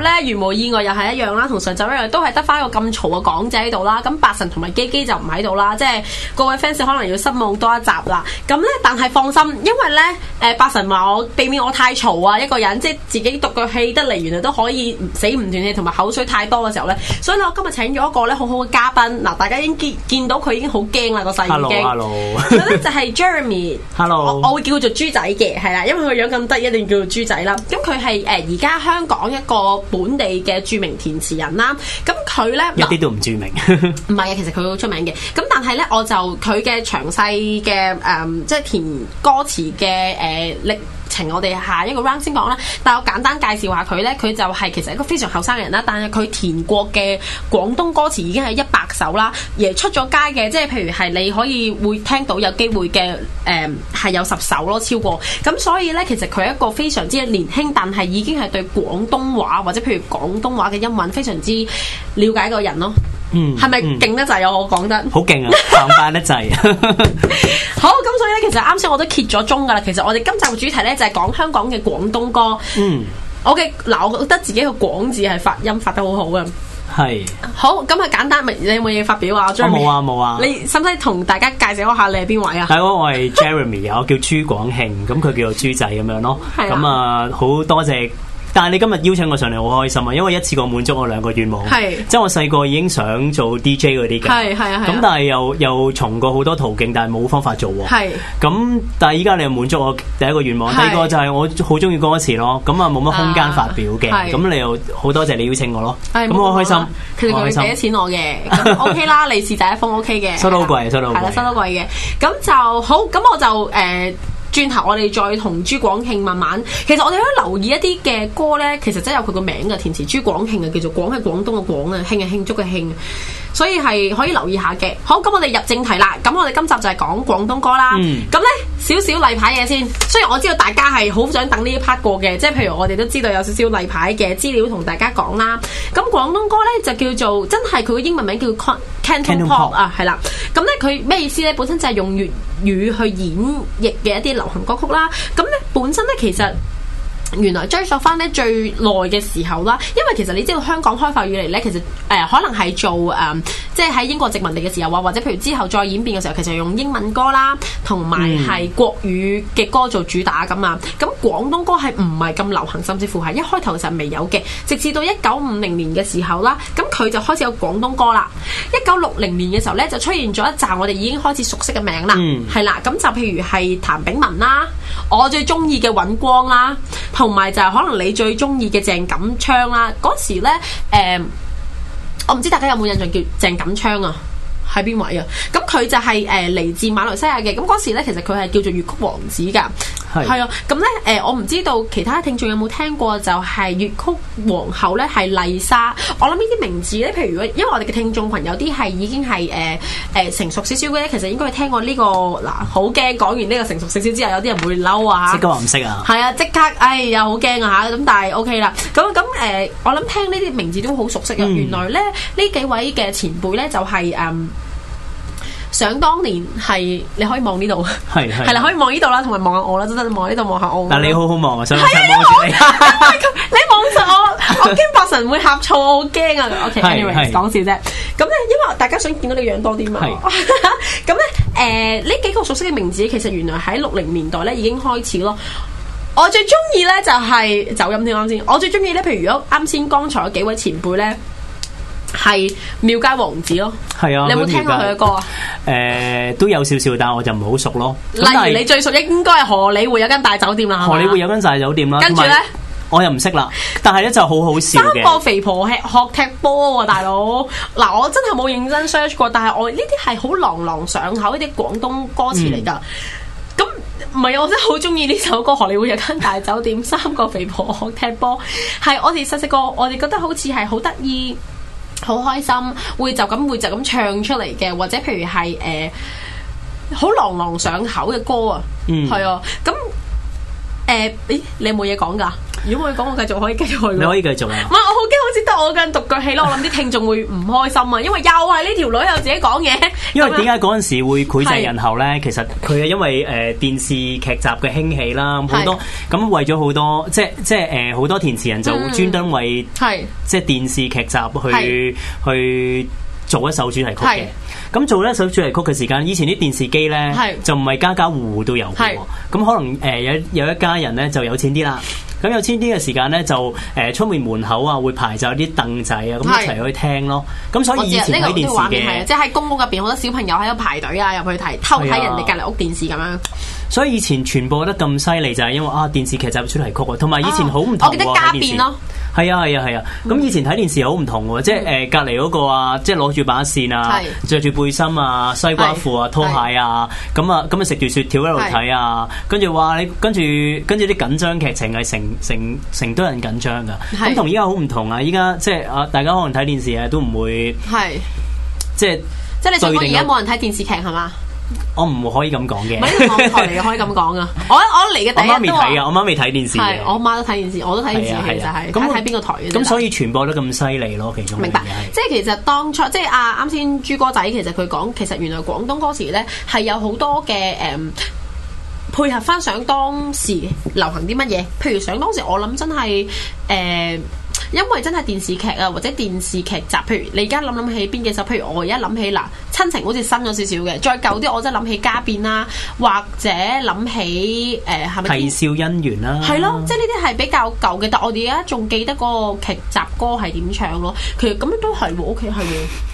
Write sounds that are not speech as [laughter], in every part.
咧，如無意外又係一樣啦，同上集一樣，都係得翻一個咁嘈嘅港姐喺度啦。咁八神同埋基基就唔喺度啦，即係各位 fans 可能要失望多一集啦。咁咧，但係放心，因為咧，誒、呃、八神話我避免我太嘈啊，一個人即係自己讀個戲得嚟，原來都可以死唔斷氣同埋口水太多嘅時候咧。所以我今日請咗一個咧好好嘅嘉賓，嗱，大家已經見,見到佢已經好驚啦個細已睛。Hello，, hello. 呢就係、是、Jeremy hello.。Hello，我會叫佢做豬仔嘅，係啦，因為佢個樣咁得意，一定要叫做豬仔啦。咁佢係誒而家香港一個。本地嘅著名填詞人啦，咁佢咧一啲都唔著名，唔係啊，其實佢好出名嘅，咁但係咧我就佢嘅詳細嘅誒、呃，即係填歌詞嘅誒歷，呃我哋下一個 round 先講啦，但我簡單介紹下佢呢，佢就係其實一個非常後生嘅人啦，但係佢填過嘅廣東歌詞已經係一百首啦，而出咗街嘅，即係譬如係你可以會聽到有機會嘅，誒、嗯、係有十首咯，超過咁，所以呢，其實佢係一個非常之年輕，但係已經係對廣東話或者譬如廣東話嘅音韻非常之了解嘅人咯。嗯，係咪勁得滯啊？我講得好勁啊，澎湃得滯。好，咁所以咧，其實啱先我都揭咗盅噶啦。其實我哋今集嘅主題咧就係講香港嘅廣東歌。嗯，OK，嗱，我覺得自己個廣字係發音發得好好嘅。係。好，咁啊，簡單，你有冇嘢發表啊？我冇啊，冇啊。你使唔使同大家介紹一下你係邊位啊？係我，我係 Jeremy，我叫朱廣慶，咁佢叫做豬仔咁樣咯。咁啊，好多謝。但係你今日邀請我上嚟好開心啊，因為一次過滿足我兩個願望。係，即係我細個已經想做 DJ 嗰啲嘅。係係啊，咁但係又又從過好多途徑，但係冇方法做。係，咁但係依家你又滿足我第一個願望，第二個就係我好中意歌詞咯。咁啊冇乜空間發表嘅，咁你又好多謝你邀請我咯。咁我開心，佢哋其實佢俾咗錢我嘅，OK 啦，利是第一封 OK 嘅。收到好貴，收到，係，收到貴嘅。咁就好，咁我就誒。轉頭我哋再同朱廣慶慢慢，其實我哋可以留意一啲嘅歌呢，其實真係有佢個名嘅填詞，朱廣慶嘅叫做廣係廣東嘅廣啊，慶係慶祝嘅慶。所以係可以留意下嘅。好，咁我哋入正題啦。咁我哋今集就係講廣東歌啦。咁、嗯、呢，少少例牌嘢先。雖然我知道大家係好想等呢一 part 過嘅，即係譬如我哋都知道有少少例牌嘅資料同大家講啦。咁廣東歌呢，就叫做真係佢嘅英文名叫 Canton Pop, Canton Pop 啊，係啦。咁呢，佢咩意思呢？本身就係用粵語去演繹嘅一啲流行歌曲啦。咁呢，本身呢，其實。原來追溯翻咧最耐嘅時候啦，因為其實你知道香港開發以嚟咧，其實誒、呃、可能係做誒、呃，即係喺英國殖民地嘅時候啊，或者譬如之後再演變嘅時候，其實用英文歌啦，同埋係國語嘅歌做主打㗎嘛。咁廣、嗯、東歌係唔係咁流行，甚至乎係一開頭就未有嘅。直至到一九五零年嘅時候啦，咁佢就開始有廣東歌啦。一九六零年嘅時候咧，就出現咗一紮我哋已經開始熟悉嘅名啦，係、嗯、啦，咁就譬如係譚炳文啦，我最中意嘅尹光啦。同埋就係可能你最中意嘅鄭錦昌啦、啊，嗰時呢、呃、我唔知大家有冇印象叫鄭錦昌啊，喺邊位啊？咁佢就係誒嚟自馬來西亞嘅，咁嗰時呢其實佢係叫做粵曲王子㗎。係，啊，咁咧，誒、呃，我唔知道其他聽眾有冇聽過就，就係粵曲皇后咧，係麗莎。我諗呢啲名字咧，譬如果，因為我哋嘅聽眾羣有啲係已經係誒誒成熟少少嘅咧，其實應該聽過呢、呢個嗱，好驚講完呢個成熟少少之後，有啲人會嬲啊！即刻話唔識啊！係啊，即刻，哎呀，好驚啊！嚇、OK，咁但係 OK 啦，咁咁誒，我諗聽呢啲名字都好熟悉啊。嗯、原來咧，呢幾位嘅前輩咧，就係、係、誒。嗯想當年係，你可以望呢度。係係啦，可以望呢度啦，同埋望下我啦，真係望呢度望下我。但你好好望啊，想望住你，你望實我，我驚八神會呷醋，我好驚啊。OK，anyways，講笑啫。咁咧，因為大家想見到你樣多啲嘛。咁咧，誒、呢幾個熟悉嘅名字，其實原來喺六零年代咧已經開始咯。我最中意咧就係走音啱先，我最中意咧，譬如如果啱先剛才幾位前輩咧。係廟街王子咯，係啊，你有冇聽過佢嘅歌啊？誒、呃，都有少少，但係我就唔好熟咯。例如你最熟應該係荷里活有間大酒店啦，荷里活有間大酒店啦。吧跟住咧，我又唔識啦。但係咧就好好笑。三個肥婆踢學踢波啊，大佬！嗱，我真係冇認真 search 過，但係我呢啲係好朗朗上口，啲廣東歌詞嚟噶。咁唔係，我真係好中意呢首歌。荷里活有間大酒店， [laughs] 三個肥婆學踢波，係我哋細細個，我哋覺得好似係好得意。好開心，會就咁會就咁唱出嚟嘅，或者譬如係誒，好朗朗上口嘅歌啊，係啊、嗯，咁。誒，uh, 咦，你冇嘢講㗎？如果冇嘢講，我繼續可以繼續。你可以繼續啊！唔係， [laughs] 我好驚，好似得我個人獨腳戲咯。 [laughs] 我諗啲聽眾會唔開心啊，因為又係呢條女又自己講嘢。因為點解嗰陣時會膾炙人口咧？是其實佢係因為誒、呃、電視劇集嘅興起啦，好是多咁為咗好多，即係即係誒，好、呃、多填詞人就專登為係即係電視劇集去去。去做一首主題曲嘅，咁是做一首主題曲嘅時間，以前啲電視機咧是就唔係家家戶戶都有嘅，咁是可能誒有有一家人咧就有錢啲啦，咁有錢啲嘅時間咧就誒出、呃、面門口啊會排晒啲凳仔啊，咁一齊去聽咯，咁所以以前睇電視嘅，即係、這個這個就是、喺公屋入邊好多小朋友喺度排隊啊入去睇，偷睇人哋隔離屋電視咁樣。所以以前傳播得咁犀利就係因為啊電視劇集主題曲啊，同埋以前好唔同，我記得家變、啊、電視、啊。啊啊係啊係啊係啊！咁、啊啊、以前睇電視好唔同喎，即係誒隔離嗰個啊，即係攞住把扇啊，着住是背心啊、西瓜褲啊、拖鞋啊，咁啊咁啊食住雪條喺度睇啊，跟住話你跟住跟住啲緊張劇情係成成成，成多人緊張㗎，咁是同依家好唔同啊！依家即係啊，大家可能睇電視啊都唔會，是即係即係你睇開而家冇人睇電視劇係嘛？我唔會可以咁講嘅，唔係呢個網台嚟嘅，可以咁講啊！我我嚟嘅，我媽未睇啊，我媽未睇電視，我媽都睇電視，我都睇電視，就係咁睇邊個台嘅。咁所以傳播得咁犀利咯，其中明白。即係其實當初，即係阿啱先朱哥仔，其實佢講，其實原來廣東歌詞咧係有好多嘅誒、嗯，配合翻想當時流行啲乜嘢，譬如想當時我諗真係誒。嗯因為真係電視劇啊，或者電視劇集，譬如你而家諗諗起邊幾首，譬如我而家諗起嗱，親情好似新咗少少嘅，再舊啲我真諗起家變啦，啊，或者諗起誒係咪？啼笑姻緣啦，啊，係咯，即係呢啲係比較舊嘅，但我哋而家仲記得嗰個劇集歌係點唱咯。其實咁樣都係喎，OK 係喎，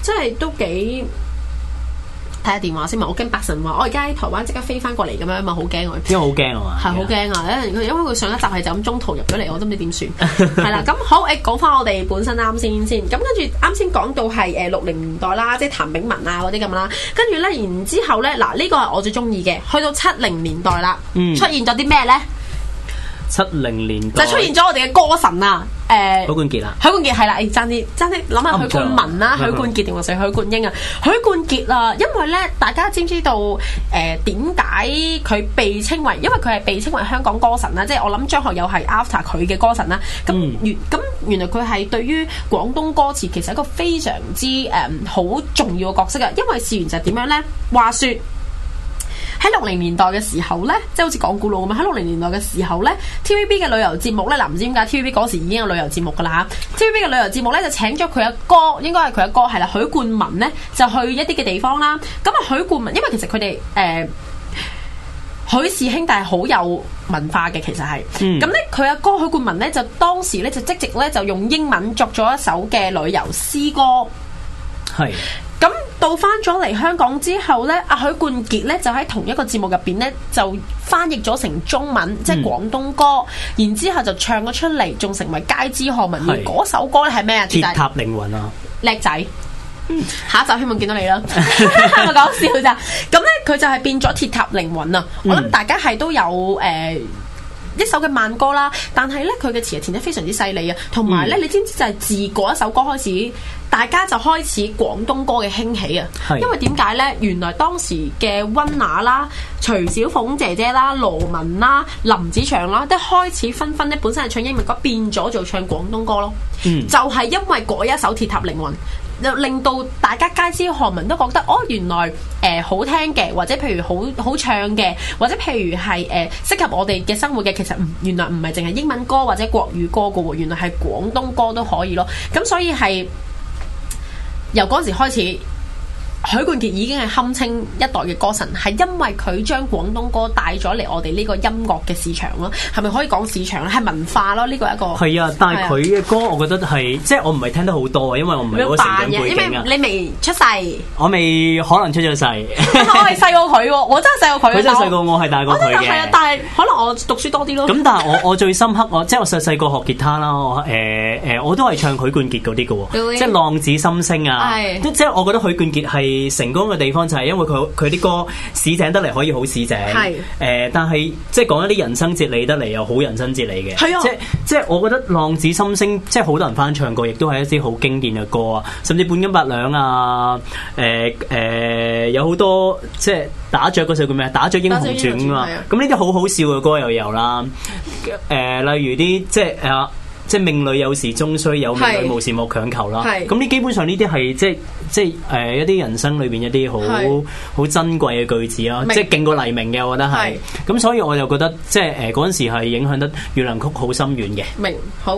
即係都幾。睇下電話先嘛，我驚柏神話我而家喺台灣，即刻飛翻過嚟咁樣嘛，好驚我。因為好驚啊嘛，係好驚啊！因為佢上一集係就咁中途入咗嚟，我都唔知點算。係啦， [laughs] 咁好誒，講翻我哋本身啱先先，咁跟住啱先講到係誒六零年代啦，即係譚炳文啊嗰啲咁啦，跟住咧然之後咧嗱呢個係我最中意嘅，去到七零年代啦，出現咗啲咩咧？嗯七零年代就出現咗我哋嘅歌神啊！誒、呃，許冠傑啊，許冠傑係啦，誒，爭啲爭啲諗下許冠文啦，許冠傑定或者許冠英啊？許冠傑啊， [laughs] 因為咧，大家知唔知道誒點解佢被稱為？因為佢係被稱為香港歌神啦，即、就、係、是、我諗張學友係 after 佢嘅歌神啦。咁原咁、嗯、原來佢係對於廣東歌詞其實一個非常之誒好、um, 重要嘅角色嘅，因為事源就係點樣咧？話說。喺六零年代嘅時候呢，即係好似講古佬咁樣。喺六零年代嘅時候呢 TVB 嘅旅遊節目呢，嗱、啊、唔知點解 TVB 嗰時已經有旅遊節目噶啦。TVB 嘅旅遊節目呢，就請咗佢阿哥，應該係佢阿哥係啦，許冠文呢，就去一啲嘅地方啦。咁啊許冠文，因為其實佢哋誒許氏兄弟好有文化嘅，其實係。咁呢，佢阿哥許冠文呢，就當時呢，就即席呢，就用英文作咗一首嘅旅遊詩歌。係。到翻咗嚟香港之後呢，阿許冠傑呢就喺同一個節目入邊呢，就翻譯咗成中文，嗯、即係廣東歌，然之後就唱咗出嚟，仲成為街知巷聞。嗰是 首歌咧係咩啊？鐵塔凌雲啊，叻仔！嗯、下一集希望見到你啦， [laughs] [laughs] 係咪講笑咋？咁呢，佢就係變咗鐵塔凌雲啊！嗯、我諗大家係都有誒。呃一首嘅慢歌啦，但係呢，佢嘅詞係填得非常之犀利啊，同埋呢，你知唔知就係自嗰一首歌開始，大家就開始廣東歌嘅興起啊。因為點解呢？原來當時嘅温拿啦、徐小鳳姐姐啦、羅文啦、林子祥啦，都開始紛紛咧，本身係唱英文歌變咗做唱廣東歌咯。嗯，就係因為嗰一首《鐵塔凌雲》。就令到大家皆知，韓文都覺得哦，原來誒、呃、好聽嘅，或者譬如好好唱嘅，或者譬如係誒適合我哋嘅生活嘅，其實唔原來唔係淨係英文歌或者國語歌嘅喎，原來係廣東歌都可以咯。咁、嗯、所以係由嗰陣時開始。許冠傑已經係堪稱一代嘅歌神，係因為佢將廣東歌帶咗嚟我哋呢個音樂嘅市場咯。係咪可以講市場咧？係文化咯，呢個係一個係啊。但係佢嘅歌，我覺得係即係我唔係聽得好多啊，因為我唔係嗰個成長背景啊。因為你未出世？我未可能出咗世，我係細過佢喎。我真係細過佢。佢真係細過我，係大過佢嘅。係啊，但係可能我讀書多啲咯。咁但係我我最深刻我即係我細細個學吉他啦。我誒誒我都係唱許冠傑嗰啲嘅，即係浪子心聲啊。即係我覺得許冠傑係成功嘅地方就係因為佢佢啲歌市井得嚟可以好市井，係誒是、呃，但係即係講一啲人生哲理得嚟又好人生哲理嘅，係啊！即係即係我覺得浪子心聲，即係好多人翻唱過，亦都係一啲好經典嘅歌啊，甚至半斤八兩啊，誒、呃、誒、呃，有好多即係打雀嗰首叫咩？打雀英雄傳，英雄傳啊嘛，咁呢啲好好笑嘅歌又有啦，誒、呃，例如啲即係啊。呃即係命裏有時終須有，命裏無時莫強求啦。咁呢是基本上呢啲係即係即係誒一啲人生裏邊一啲好好珍貴嘅句子咯，明即係勁過黎明嘅，我覺得係。咁所以我又覺得即係誒嗰陣時係影響得《月亮曲》好深遠嘅。明好，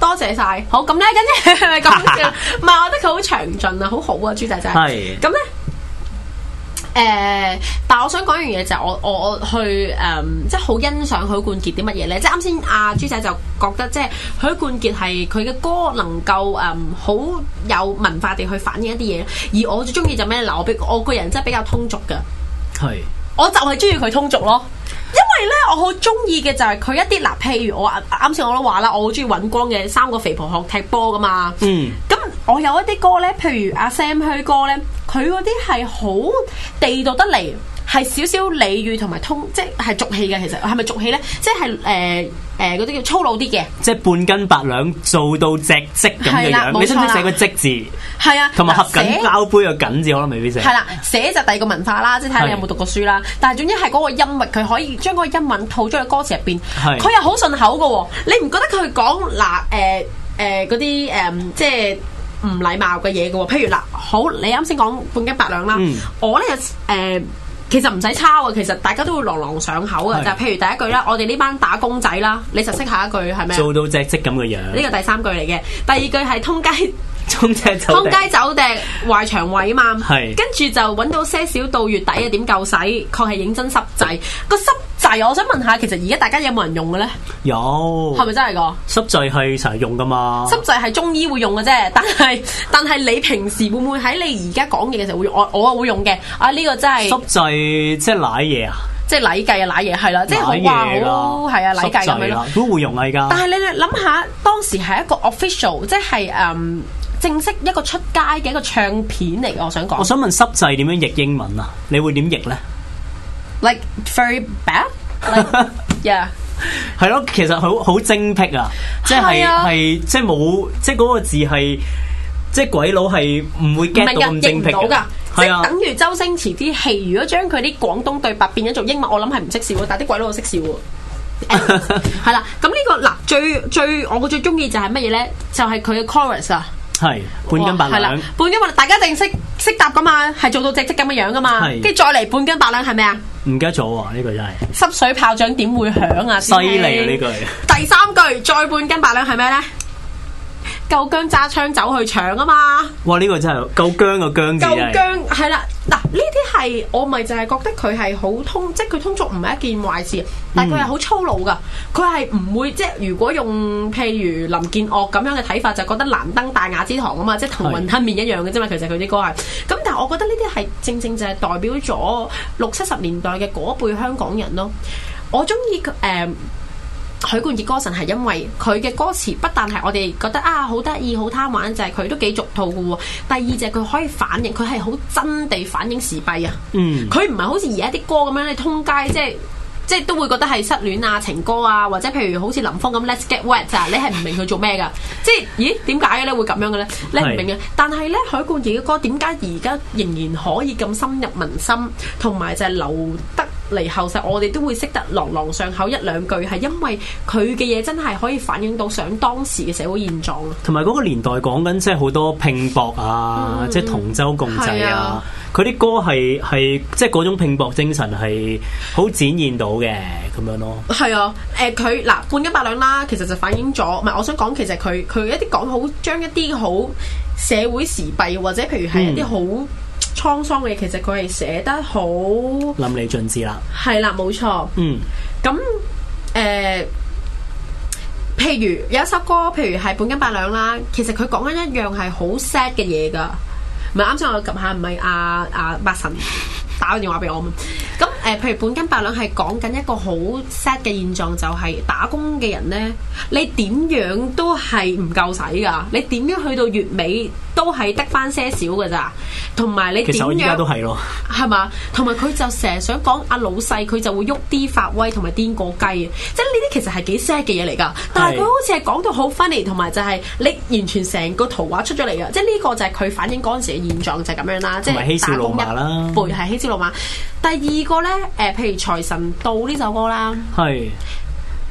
多謝晒。好咁咧，跟住咪講，唔係我覺得佢好詳盡啊，好好啊，朱仔仔。係咁咧。誒、呃，但我想講一樣嘢就係我我去誒、呃，即係好欣賞許冠傑啲乜嘢咧。即係啱先阿豬仔就覺得即係許冠傑係佢嘅歌能夠誒好有文化地去反映一啲嘢，而我最中意就咩？嗱，我我個人真係比較通俗噶，係是，我就係中意佢通俗咯。因為咧，我好中意嘅就係佢一啲嗱，譬如我啱先我都話啦，我好中意尹光嘅三個肥婆學踢波噶嘛。嗯，咁我有一啲歌咧，譬如阿 Sam 去歌咧。佢嗰啲係好地道得嚟，係少少俚語同埋通，即係俗氣嘅。其實係咪俗氣咧？即係誒誒嗰啲叫粗魯啲嘅，即係半斤八兩做到隻積咁嘅樣。你識唔識寫個積字？係啊，同埋合緊膠杯個緊字，可能未必寫。係啦，寫就第二個文化啦，即係睇下你有冇讀過書啦。但係總之係嗰個音韻，佢可以將嗰個音韻套咗去歌詞入邊，佢又好順口㗎喎。你唔覺得佢講嗱誒誒嗰啲誒即係？唔禮貌嘅嘢嘅喎，譬如嗱，好，你啱先講半斤八兩啦，嗯、我咧誒、呃，其實唔使抄啊，其實大家都會朗朗上口嘅，就是 譬如第一句啦，我哋呢班打工仔啦，你就識下一句係咩？做到隻積咁嘅樣，呢個第三句嚟嘅，第二句係通街通、嗯、走，通街走趯壞腸胃啊嘛，係，是 跟住就揾到些少到月底啊，點夠使，確係認真濕仔個濕。係，我想問下，其實而家大家有冇人用嘅咧？有，係咪真係個濕滯係成日用噶嘛？濕滯係中醫會用嘅啫，但係但係你平時會唔會喺你而家講嘢嘅時候會用？我我會用嘅。啊，呢、這個真係濕滯即係瀨嘢啊！即係瀨計啊，瀨嘢係啦，即係好哇！好係啊，瀨計咁樣都會用啊！依家、啊。但係你你諗下，當時係一個 official，即係誒、um, 正式一個出街嘅一個唱片嚟我想講，我想問濕滯點樣譯英文啊？你會點譯咧？Like very bad. 係咯，其實好好精辟啊！即係係即係冇即係嗰個字係即係鬼佬係唔會 get 到咁精辟噶，即係等於周星馳啲戲，如果將佢啲廣東對白變咗做英文，我諗係唔識笑，但係啲鬼佬又識笑。係啦，咁呢個嗱最最我最中意就係乜嘢咧？就係佢嘅 chorus 啊，係半斤八兩，半斤八兩，大家一定識。識答噶嘛，係做到隻積咁嘅樣噶嘛，跟住是的 再嚟半斤八兩係咩啊？唔記得咗啊，呢個真係。濕水炮仗點會響啊？犀利啊呢句。第三句再半斤八兩係咩咧？夠姜揸槍走去搶啊嘛！哇，呢個真係夠姜個姜字係。夠姜係啦，嗱呢啲係我咪就係覺得佢係好通，即係佢通俗唔係一件壞事，但係佢係好粗魯噶，佢係唔會即係如果用譬如林建岳咁樣嘅睇法，就覺得難登大雅之堂啊嘛，即係同雲吞麵一樣嘅啫嘛，是其實佢啲歌係。咁但係我覺得呢啲係正正就係代表咗六七十年代嘅嗰一輩香港人咯。我中意誒。嗯許冠傑歌神係因為佢嘅歌詞不但係我哋覺得啊好得意好貪玩，就係、是，佢都幾俗套嘅喎。第二就係佢可以反映，佢係好真地反映時弊啊。嗯，佢唔係好似而家啲歌咁樣咧，你通街即係。就是即係都會覺得係失戀啊、情歌啊，或者譬如好似林峯咁 Let's Get Wet 啊，你係唔明佢做咩㗎？即係，咦？點解嘅咧會咁樣嘅咧？你唔明嘅。是 但係咧，許冠傑嘅歌點解而家仍然可以咁深入民心，同埋就係留得嚟後世，我哋都會識得朗朗上口一兩句，係因為佢嘅嘢真係可以反映到想當時嘅社會現狀。同埋嗰個年代講緊即係好多拼搏啊，嗯、即係同舟共濟啊。佢啲歌係係即係嗰種拼搏精神係好展現到嘅，咁樣咯。係 [noise] 啊，誒、呃，佢嗱半斤八兩啦，其實就反映咗，唔係我想講，其實佢佢一啲講好將一啲好社會時弊或者譬如係一啲好滄桑嘅嘢，其實佢係寫得好淋漓盡致啦。係啦，冇錯、啊嗯嗯。嗯，咁誒，譬如有一首歌，譬如係半斤八兩啦，其實佢講緊一樣係好 sad 嘅嘢噶。唔係啱先我撳下，唔係阿阿八神打個電話俾我嘛。咁、嗯、誒、呃，譬如本金八兩係講緊一個好 sad 嘅現狀，就係、是、打工嘅人咧，你點樣都係唔夠使㗎。你點樣去到月尾？都係得翻些少嘅咋，同埋你而家都係咯，係嘛？同埋佢就成日想講阿老細，佢就會喐啲發威同埋顛過雞嘅，即係呢啲其實係幾 sad 嘅嘢嚟㗎。但係佢好似係講到好 funny，同埋就係你完全成個圖畫出咗嚟嘅，即係呢個就係佢反映嗰陣時嘅現狀就係、是、咁樣啦，少馬即係打工人啦，背係希師老馬。嗯、第二個咧，誒，譬如財神到呢首歌啦，係。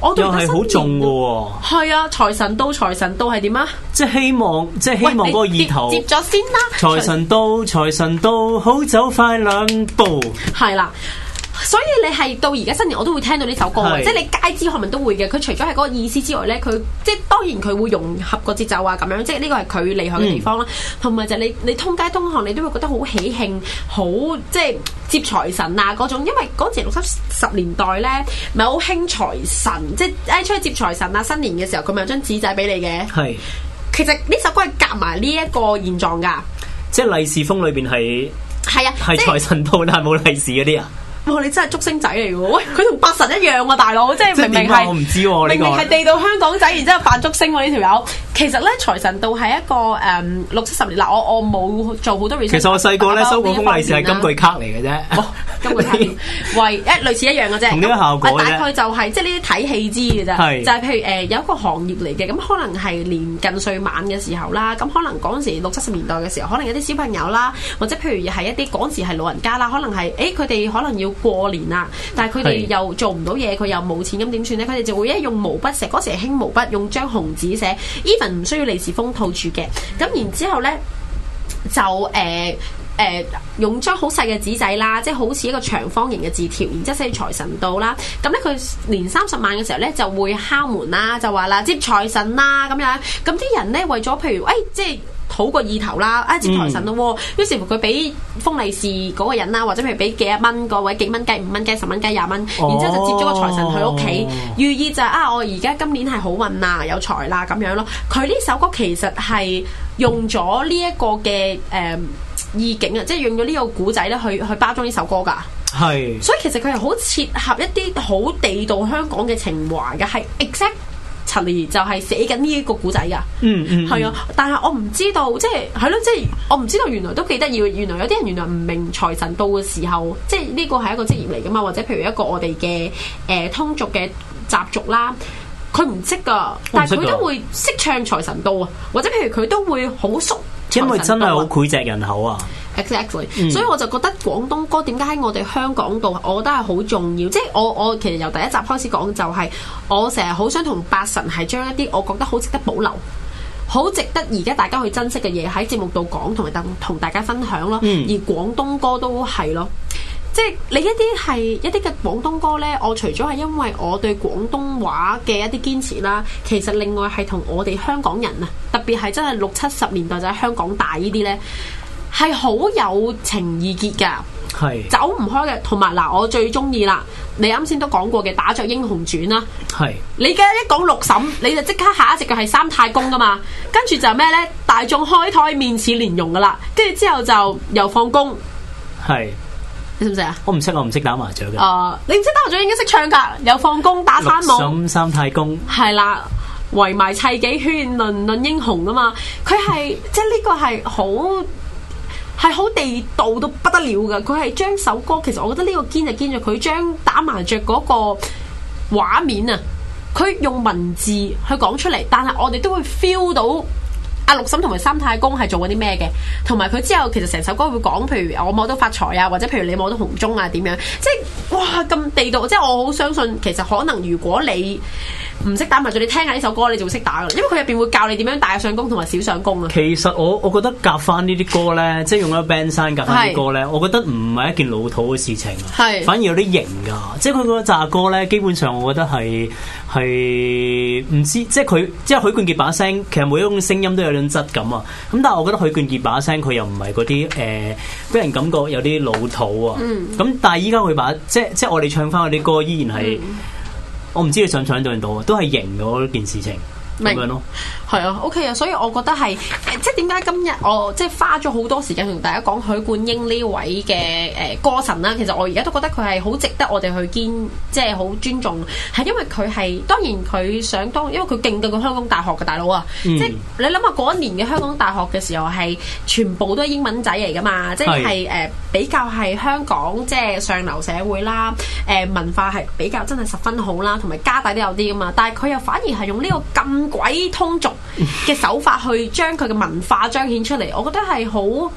我都係好重嘅喎，係啊！財神到，財神到係點啊？即係希望，即係希望嗰個意頭接咗先啦！財神到，財神到，好走快兩步，係啦、啊。所以你係到而家新年，我都會聽到呢首歌是即係你街知巷聞都會嘅。佢除咗係嗰個意思之外咧，佢即係當然佢會融合個節奏啊，咁樣，即係呢個係佢厲害嘅地方啦。同埋、嗯、就係你你通街通巷，你都會覺得好喜慶，好即係接財神啊嗰種。因為嗰陣六七十年代咧，咪好興財神，即係出去接財神啊。新年嘅時候，佢咪有張紙仔俾你嘅。係是，其實呢首歌係夾埋呢一個現狀噶，即係利是風裏邊係，係啊，係財神到但係冇利是嗰啲啊。 [music] 你真係竹升仔嚟噶喎！喂，佢同八神一樣啊大佬，即係明明係，我唔知喎， [music] [music] 明明係地道香港仔，然之後扮竹升喎，啊，呢條友。其實咧，財神到係一個誒六七十年嗱，我我冇做好多 research。其實我細個咧收過工藝是係金句卡嚟嘅啫，金句卡喂一類似一樣嘅啫。咁嘅效果咧，大概就係即係呢啲睇戲知嘅啫，就係譬如誒有一個行業嚟嘅，咁可能係年近歲晚嘅時候啦，咁可能嗰陣時六七十年代嘅時候，可能有啲小朋友啦，或者譬如係一啲嗰陣時係老人家啦，可能係誒佢哋可能要過年啦，但係佢哋又做唔到嘢，佢又冇錢，咁點算咧？佢哋就會一用毛筆寫，嗰時係興毛筆，用張紅紙寫，even 唔需要利是封套住嘅，咁然之後呢，就誒誒、呃呃、用張好細嘅紙仔啦，即係好似一個長方形嘅字條，然之後寫財神到啦，咁呢，佢年三十晚嘅時候呢，就會敲門啦，就話啦接財神啦咁樣，咁啲人呢，為咗譬如喂、哎、即。討個意頭啦，啊接財神咯，於、嗯、是乎佢俾封利是嗰個人啦，或者譬如俾幾啊蚊，嗰位幾蚊雞、五蚊雞、十蚊雞、廿蚊，然之後就接咗個財神去屋企，哦、寓意就係、啊我而家今年係好運啊，有財啦咁樣咯。佢呢首歌其實係用咗呢一個嘅誒、呃、意境啊，即係用咗呢個古仔咧去去包裝呢首歌噶，係是。所以其實佢係好切合一啲好地道香港嘅情懷嘅，係 exact。陳就係寫緊呢個古仔噶，嗯嗯，係啊，但係我唔知道，即係係咯，即係我唔知道原來都幾得意，原來有啲人原來唔明財神到嘅時候，即係呢個係一個職業嚟噶嘛，或者譬如一個我哋嘅誒通俗嘅習俗啦，佢唔識噶，但係佢都會識唱財神到啊，或者譬如佢都會好熟。因為真係好膾炙人口啊，exactly，嗯、所以我就覺得廣東歌點解喺我哋香港度，我覺得係好重要。即係我我其實由第一集開始講，就係我成日好想同八神係將一啲我覺得好值得保留、好值得而家大家去珍惜嘅嘢喺節目度講同埋同同大家分享咯。嗯、而廣東歌都係咯。即係你一啲係一啲嘅廣東歌呢，我除咗係因為我對廣東話嘅一啲堅持啦，其實另外係同我哋香港人啊，特別係真係六七十年代就喺香港大呢啲呢，係好有情意結噶，係是走唔開嘅。同埋嗱，我最中意啦，你啱先都講過嘅《打雀英雄傳》啦是，係你嘅一講六嬸，你就即刻下一隻嘅係三太公噶嘛，跟住就咩呢？「大眾開台面似蓮蓉」噶啦，跟住之後就又放工，係。你識唔識啊？我唔識，我唔識打麻雀嘅。哦，uh, 你唔識打麻雀，應該識唱噶。有放工打三萬，六嬸三太公。係啦，圍埋砌幾圈論論英雄啊嘛。佢係 [laughs] 即係呢個係好係好地道到不得了噶。佢係將首歌，其實我覺得呢個堅就堅住佢將打麻雀嗰個畫面啊，佢用文字去講出嚟，但係我哋都會 feel 到。阿六嬸同埋三太公係做過啲咩嘅？同埋佢之後其實成首歌會講，譬如我摸到發財啊，或者譬如你摸到紅中啊，點樣？即係哇咁地道！即係我好相信，其實可能如果你。唔識打麻雀，你聽下呢首歌，你就會識打噶啦。因為佢入邊會教你點樣大上弓同埋小上弓啊。其實我我覺得夾翻呢啲歌咧，即係用咗 band 聲夾翻啲歌咧，我覺得唔係一，是 一件老土嘅事情啊。係，是 反而有啲型噶。即係佢嗰炸歌咧，基本上我覺得係係唔知，即係佢即係許冠傑把聲，其實每一種聲音都有種質感啊。咁但係我覺得許冠傑把聲佢又唔係嗰啲誒，俾、呃、人感覺有啲老土啊。咁、嗯、但係依家佢把即係即係我哋唱翻嗰啲歌，依然係。嗯我唔知你想搶到唔到，都係贏嗰件事情咁 I mean. 樣咯。係啊，OK 啊，OK，所以我覺得係即係點解今日我即係花咗好多時間同大家講許冠英呢位嘅誒、呃、歌神啦。其實我而家都覺得佢係好值得我哋去堅，即係好尊重。係因為佢係當然佢想當，因為佢勁過個香港大學嘅大佬啊。即係你諗下嗰一年嘅香港大學嘅時候係全部都係英文仔嚟㗎嘛，即係誒、呃、比較係香港即係上流社會啦，誒、呃、文化係比較真係十分好啦，同埋家底都有啲㗎嘛。但係佢又反而係用呢個咁鬼通俗。嘅手法去將佢嘅文化彰顯出嚟，我覺得係好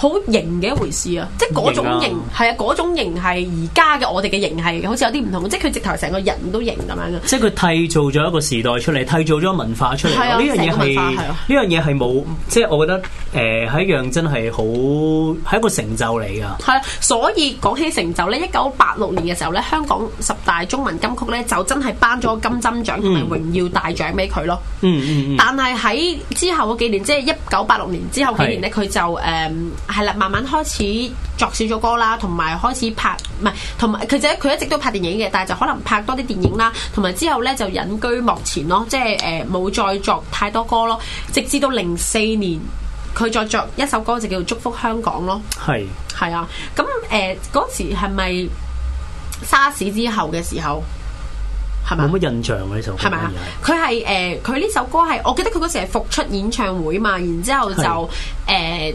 好型嘅一回事啊！即係嗰種型，係啊，嗰種型係而家嘅我哋嘅型係，好似有啲唔同嘅。即係佢直頭成個人都型咁樣嘅。即係佢締造咗一個時代出嚟，締造咗文化出嚟咯。呢樣嘢係呢樣嘢係冇，即係我覺得誒，係一樣真係好係一個成就嚟噶。係啊，所以講起成就咧，一九八六年嘅時候咧，香港十大中文金曲咧就真係頒咗金針獎同埋榮耀大獎俾佢咯。嗯嗯嗯。但係喺之後嗰幾年，即係一九八六年之後幾年咧，佢就誒。係啦，慢慢開始作少咗歌啦，同埋開始拍，唔係，同埋佢就佢一直都拍電影嘅，但係就可能拍多啲電影啦，同埋之後咧就隱居幕前咯，即係誒冇再作太多歌咯，直至到零四年佢再作一首歌就叫做《祝福香港》咯。係係是啊，咁誒嗰時係咪沙士之後嘅時候係咪？冇乜印象喎呢首歌？係咪啊？佢係誒，佢呢、呃、首歌係我記得佢嗰時係復出演唱會嘛，然之後就誒。是呃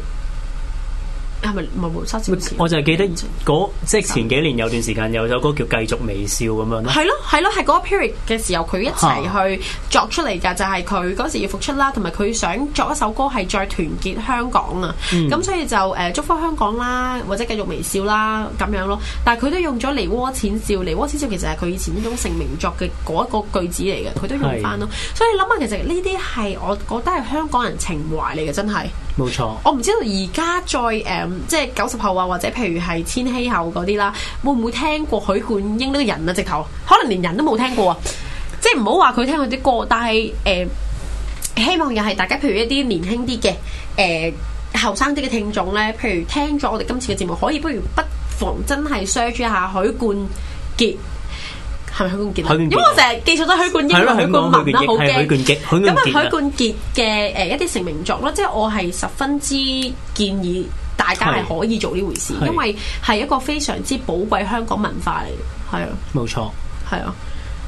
係咪？冇冇，我就係記得嗰即係前幾年有段時間有首歌叫《繼續微笑》咁樣。係咯係咯，係嗰個 period 嘅時候，佢一齊去作出嚟㗎，啊、就係佢嗰時要復出啦，同埋佢想作一首歌係再團結香港啊。咁、嗯、所以就誒祝福香港啦，或者繼續微笑啦咁樣咯。但係佢都用咗《梨渦淺笑》，《梨渦淺笑其是的 想想》其實係佢以前呢種成名作嘅嗰一個句子嚟嘅，佢都用翻咯。所以你諗下，其實呢啲係我覺得係香港人情懷嚟嘅，真係。冇錯，沒錯，我唔知道而家再誒，即係九十後啊，或者譬如係千禧後嗰啲啦，會唔會聽過許冠英呢個人啊？直頭，可能連人都冇聽過啊！即係唔好話佢聽佢啲歌，但係誒、呃，希望又係大家譬如一啲年輕啲嘅誒後生啲嘅聽眾咧，譬如聽咗我哋今次嘅節目，可以不如不妨真係 search 一下許冠傑。係咪許冠傑？因為我成日記錯咗許冠英啦、許冠文啦，好驚。許冠傑。咁啊，許冠傑嘅誒一啲成名作咯，即係我係十分之建議大家係可以做呢回事，因為係一個非常之寶貴香港文化嚟嘅，係啊，冇錯，係啊。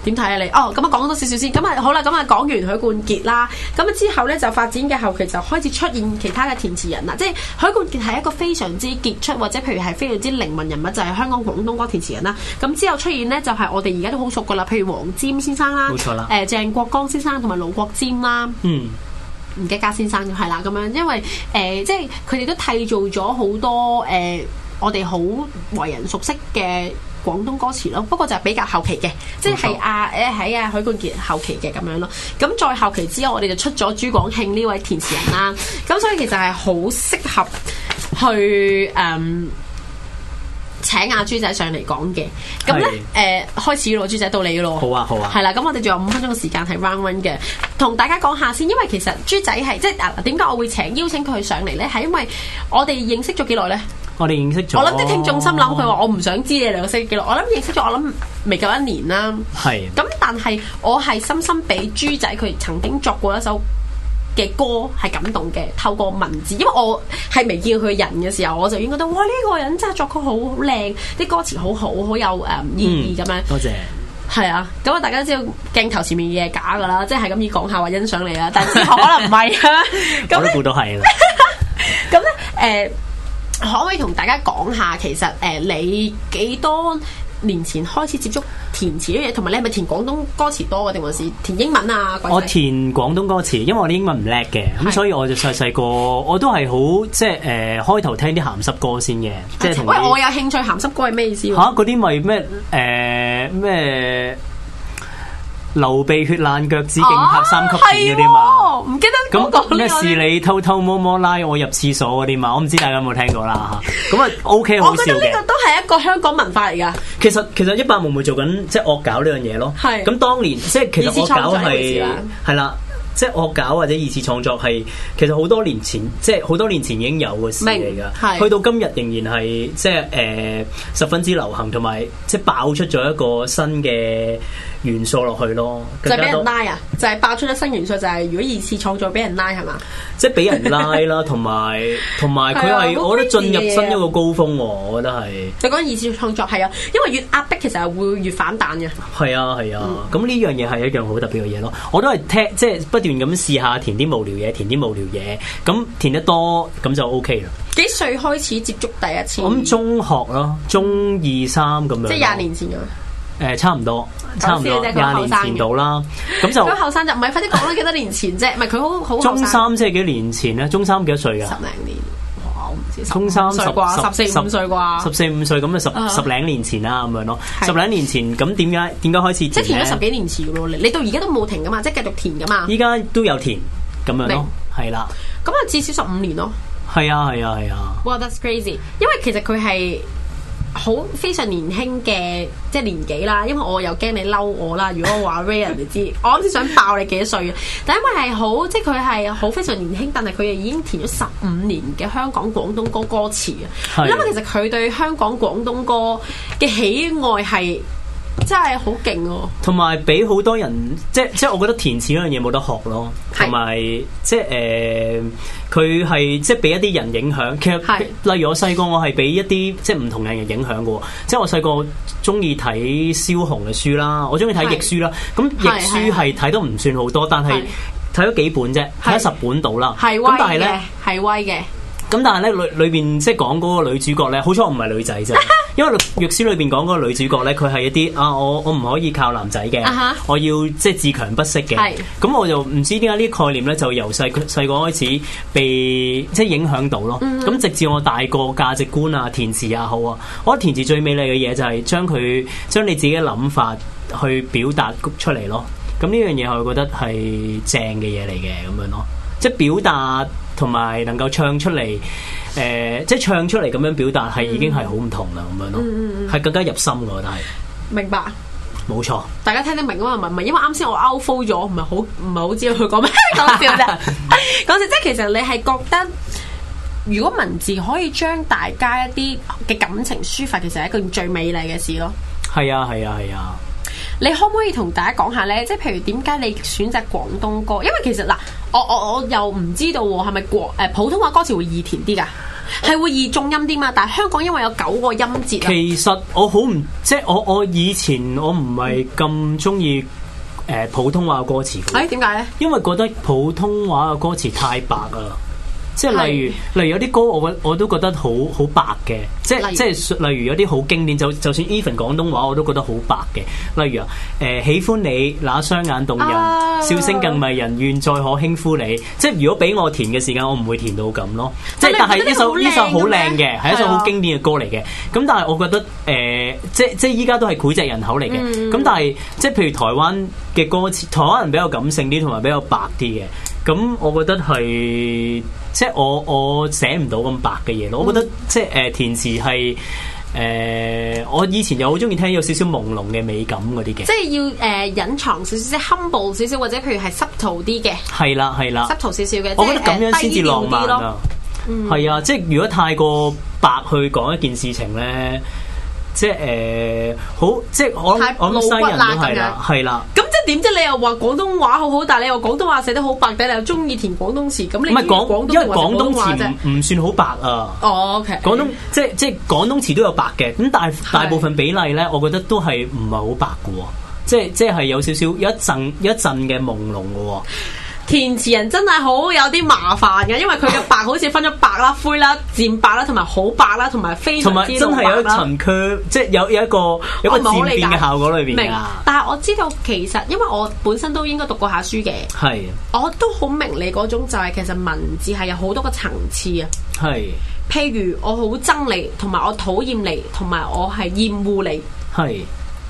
點睇啊你？哦，咁啊講多少少先。咁啊好啦，咁啊講完許冠傑啦，咁啊之後咧就發展嘅後期就開始出現其他嘅填詞人啦。即係許冠傑係一個非常之傑出，或者譬如係非常之靈魂人物，就係、是、香港廣東歌填詞人啦。咁之後出現咧就係、是、我哋而家都好熟噶啦，譬如黃霑先生啦，冇錯啦，誒、呃、鄭國江先生同埋盧國沾、嗯、啦，嗯，吳家嘉先生係啦咁樣，因為誒、呃、即係佢哋都締造咗好多誒、呃、我哋好為人熟悉嘅。廣東歌詞咯，不過就比較後期嘅，冇錯，即係阿誒喺阿許冠傑後期嘅咁樣咯。咁在後期之後，我哋就出咗朱廣慶呢位填詞人啦。咁所以其實係好適合去誒、嗯、請阿朱仔上嚟講嘅。咁咧誒開始咯，朱仔到你嘅咯、啊。好啊好啊。係啦，咁我哋仲有五分鐘嘅時間係 round one 嘅，同大家講下先。因為其實朱仔係即係啊點解我會請邀請佢上嚟咧？係因為我哋認識咗幾耐咧。我哋認識咗。我諗啲聽眾心諗佢話：我唔想知你兩個識幾耐。我諗認識咗，我諗未夠一年啦。係。咁但係我係深深俾豬仔佢曾經作過一首嘅歌係感動嘅。透過文字，因為我係未見佢人嘅時候，我就已經覺得哇！呢個人真係作曲好靚，啲歌詞好好，好有誒意義咁樣。多謝。係啊，咁啊，大家知道鏡頭前面嘢係假㗎啦，即係咁要講下話欣賞你啦，但係之後可能唔係啊。我都估到係啦。咁咧，誒。可唔可以同大家講下，其實誒、呃、你幾多年前開始接觸填詞嘅嘢，同埋你係咪填廣東歌詞多嘅，定還是填英文啊？我填廣東歌詞，因為我啲英文唔叻嘅，咁的所以我就細細個我都係好即係誒，開頭聽啲鹹濕歌先嘅。即係喂，我有興趣鹹濕歌係咩意思？嚇、啊，嗰啲咪咩誒咩？呃流鼻血、爛腳趾、勁拍三級片嗰啲嘛，唔、啊哦、記得咁講咩事？你偷偷摸摸拉我入廁所嗰啲嘛，我唔知大家有冇聽過啦嚇。咁啊 [laughs] OK，好笑我覺得呢個都係一個香港文化嚟噶。其實其實一百無無做緊即係惡搞呢樣嘢咯。係咁是，當年即係、就是、其實惡搞係係啦，即係的、就是、惡搞或者二次創作係其實好多年前，即係好多年前已經有嘅事嚟㗎。去到今日仍然係即係誒十分之流行，同埋即係爆出咗一個新嘅。元素落去咯，就俾人拉啊！就係、是、爆出咗新元素，就係、是、如果二次創作俾人拉係嘛？即係俾人拉啦、啊，同埋同埋佢係，啊、我覺得進入新一個高峰喎、啊，我覺得係。就講二次創作係啊，因為越壓迫其實係會越反彈嘅。係啊係啊，咁呢、啊嗯、樣嘢係一樣好特別嘅嘢咯。我都係聽，即、就、係、是、不斷咁試下填啲無聊嘢，填啲無聊嘢，咁填得多咁就 OK 啦。幾歲開始接觸第一次？咁中學咯，中二三咁樣。即係廿年前咗。誒，差唔多，差唔多廿年前到啦。咁就咁後生就唔係，快啲講啦！幾多年前啫，唔係佢好好中三，即係幾年前咧？中三幾多歲噶？十零年，哇！我唔知。中三十、十四、五歲啩？十四、五歲咁啊，十十零年前啦，咁樣咯。十零年前咁點解？點解開始？即係填咗十幾年前咯。你到而家都冇停噶嘛？即係繼續填噶嘛？依家都有填咁樣咯，係啦。咁啊，至少十五年咯。係啊，係啊，係啊。Well, that's crazy。因為其實佢係。好，非常年輕嘅即係年紀啦，因為我又驚你嬲我啦。如果我話 Rare [laughs] 人哋知，我好似想爆你幾多歲啊！但因為係好，即係佢係好非常年輕，但係佢又已經填咗十五年嘅香港廣東歌歌詞啊。的因為其實佢對香港廣東歌嘅喜愛係。真係好勁哦！同埋俾好多人，即 [laughs] 即係我覺得填詞嗰樣嘢冇得學咯，同埋即係誒佢係即係俾一啲人影響。其實是 例如我細個，我係俾一啲即係唔同人嘅影響嘅。即係我細個中意睇蕭紅嘅書啦，我中意睇譯書啦。咁譯書係睇得唔算好多，是 但係睇咗幾本啫，睇咗是 十本到啦。係威嘅，但係呢，係威嘅。咁但係咧，裏裏邊即係講嗰個女主角咧，好彩我唔係女仔啫，因為《玉簫》裏邊講嗰個女主角咧，佢係一啲啊，我我唔可以靠男仔嘅，uh huh. 我要即係、就是、自強不息嘅。咁、uh huh. 我就唔知點解呢啲概念咧，就由細細個開始被即係、就是、影響到咯。咁、uh huh. 直至我大個價值觀啊、填詞也好啊，我覺得填詞最美麗嘅嘢就係將佢將你自己嘅諗法去表達出嚟咯。咁呢樣嘢，我覺得係正嘅嘢嚟嘅咁樣咯，樣樣即係表達。同埋能夠唱出嚟，誒、呃，即係唱出嚟咁樣表達，係已經係好唔同啦，咁樣咯，係更加入心嘅，但係，明白，冇錯，大家聽得明啊嘛，唔係因為啱先我 out fold 咗，唔係好，唔係好知佢講咩講笑啫話，講笑，即係其實你係覺得，如果文字可以將大家一啲嘅感情抒發，其實係一個最美麗嘅事咯，係啊，係啊，係啊。你可唔可以同大家講下呢？即係譬如點解你選擇廣東歌？因為其實嗱，我我我又唔知道喎，係咪國誒普通話歌詞會易填啲㗎？係會易中音啲嘛？但係香港因為有九個音節。其實我好唔即係我我以前我唔係咁中意普通話歌詞。誒，點解呢？因為覺得普通話嘅歌詞太白喇。即係例如，例如有啲歌我我我都覺得好好白嘅，即係即係例如有啲好經典，就就算 even 廣東話我都覺得好白嘅。例如啊，誒、呃、喜歡你那雙眼動人，哎、笑聲更迷人，願再可輕撫你。即係如果俾我填嘅時間，我唔會填到咁咯。即係但係呢首呢首好靚嘅，係一首好、啊、經典嘅歌嚟嘅。咁但係我覺得誒、呃，即即係依家都係膾炙人口嚟嘅。咁、嗯、但係即係譬如台灣嘅歌詞，台灣人比較感性啲，同埋比較白啲嘅。咁我覺得係。即係我我寫唔到咁白嘅嘢咯，我覺得即係誒、呃、填詞係誒，我以前又好中意聽有少少朦朧嘅美感嗰啲嘅，即係要誒隱、呃、藏少少，少即係含蓄少少，或者譬如係濕桃啲嘅，係啦係啦濕桃少少嘅，我覺得咁樣先至浪漫咯，係啊，即係如果太過白去講一件事情咧，即係誒、呃、好即係我我諗新人都係啦係啦。點知你又話廣東話好好，但係你又廣東話寫得好白底，你又中意填廣東詞，咁你唔係廣東，因為廣東詞唔唔算好白啊。哦，oh，OK，廣東即係即係廣東詞都有白嘅，咁但係大部分比例咧，是我覺得都係唔係好白嘅，即係即係有少少一陣一陣嘅朦朧嘅。填詞人真係好有啲麻煩嘅，因為佢嘅白好似分咗白啦、灰啦、漸白啦、同埋好白啦、同埋非常之白啦。同埋真係有一層佢，即係有有一個有一個漸變嘅效果裏邊噶。明，但係我知道其實，因為我本身都應該讀過下書嘅，係的，我都好明你嗰種就係其實文字係有好多個層次啊。係的，譬如我好憎你，同埋我討厭你，同埋我係厭惡你。係。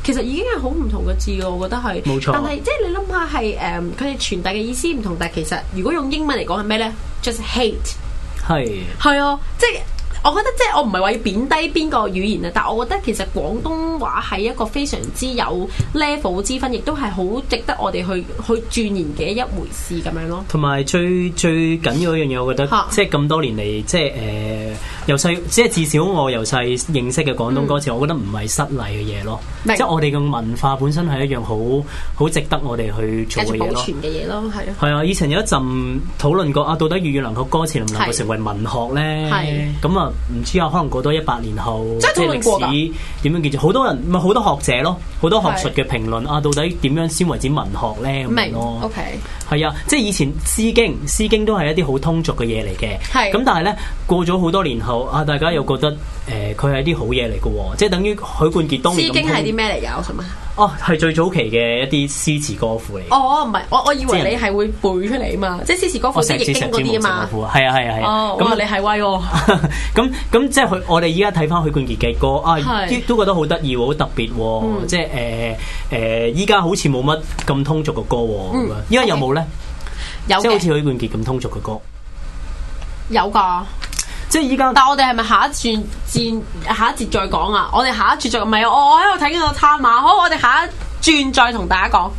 其實已經係好唔同嘅字咯，我覺得係。冇沒錯但。但係即係你諗下係誒，佢哋傳遞嘅意思唔同，但係其實如果用英文嚟講係咩咧？Just hate 是。係。係啊，即係我覺得即係我唔係話要貶低邊個語言啊，但係我覺得其實廣東話係一個非常之有 level 之分，亦都係好值得我哋去去鑽研嘅一回事咁樣咯。同埋最最緊要一樣嘢，我覺得 [laughs] 即係咁多年嚟即係誒。呃由細即係至少我由細認識嘅廣東歌詞，嗯、我覺得唔係失禮嘅嘢咯。白即係我哋嘅文化本身係一樣好好值得我哋去做嘅嘢咯。保存嘅嘢咯，係啊。係啊，以前有一陣討論過啊，到底粵語能夠歌詞能唔能夠成為文學咧？咁啊，唔、嗯、知啊，可能過多一百年後，是即係歷史點樣叫做？好多人咪好多學者咯，好多學術嘅評論啊，到底點樣先為之文學咧？咁樣咯。O、okay、K。係啊，即係以前《詩經》，《詩經》都係一啲好通俗嘅嘢嚟嘅。係。咁但係咧，過咗好多年後。啊！大家又覺得誒，佢係一啲好嘢嚟嘅，即係等於許冠傑當年。《詩經》係啲咩嚟噶？我想問。哦，係最早期嘅一啲詩詞歌賦嚟。哦，唔係，我我以為你係會背出嚟啊嘛，即係詩詞歌賦即係《易經》嗰啲啊嘛。係啊，係啊，係啊。咁你係威喎。咁咁即係佢，我哋依家睇翻許冠傑嘅歌啊，都都覺得好得意，好特別。即係誒誒，依家好似冇乜咁通俗嘅歌咁啊。依家有冇咧？有。即係好似許冠傑咁通俗嘅歌。有噶。即係而家，但係我哋係咪下一轉轉下一節再講啊？我哋下一節再講，唔係我我喺度睇到差馬，好，我哋下一轉再同大家講。